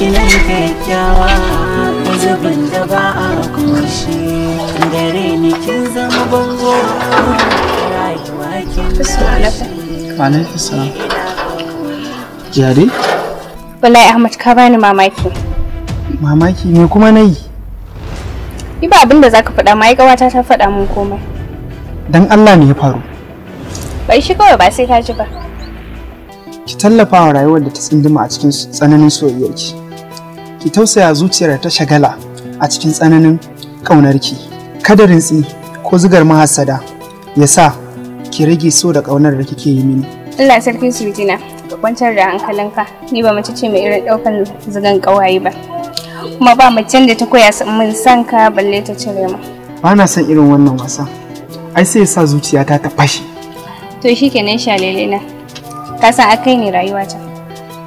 kina kyakkyawa zubin da ba a kushe dare ni kin zama bango rayuwa kin Alaikum salam. Jare? Wallahi Ahmad ka bani mamaki. Mamaki me kuma na yi? Yi ba abin da za ka faɗa ma ƙawata ta faɗa min komai. Dan Allah me ya faru? Bai shi kawai ba sai ta ji ba. Ki tallafa wa rayuwar da ta tsinduma a cikin tsananin soyayyarki. ki tausaya zuciyar ta shagala a cikin tsananin ƙaunarki kada rintsi ko zugar mahasada ya sa ki rage so da ƙaunar da kike yi mini Allah sarki suwitina ka kwantar da hankalinka ni ba mace ce mai irin ɗaukan zugan ƙawaye ba kuma ba macen da ta koya min san ka balle ta cire mu ba na son irin wannan wasa ai sai sa zuciyata ta fashi to shikenan shalele na ka san akai ne rayuwata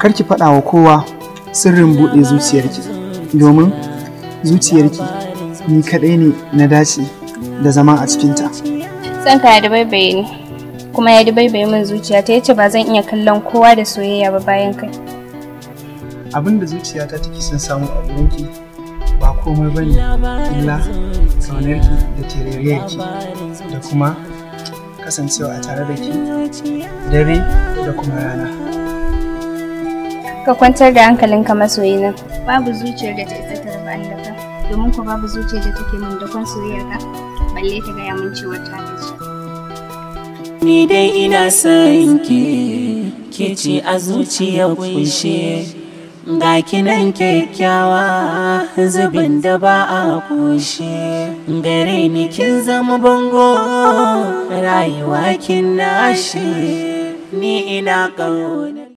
kar ki faɗawa kowa sirrin buɗe zuciyarki domin zuciyarki ni kaɗai ne na dace da zama a cikinta. Sanka ya dabaibaye ni kuma ya dabaibaye min zuciya ta yace ba zan iya kallon kowa da soyayya ba bayan kai. Abin da zuciyata take son samu a gurinki ba komai ba ne illa saunarki da tereriyarki da kuma kasancewa a tare da ki dare da kuma rana. Ka kwantar da hankalinka masoyina. Babu zuciyar da ta isa ta raba ni domin ko babu zuciyar da take min dakon soyayyarka, balle ta gaya min cewa ta gaji. Ni dai ina son ki, ke ce a zuciyar kunshe. Ga kinan kyakkyawa zubin da ba a kushe. Gare ni kin zama bango, rayuwa kin nashe, ni ina ƙauna.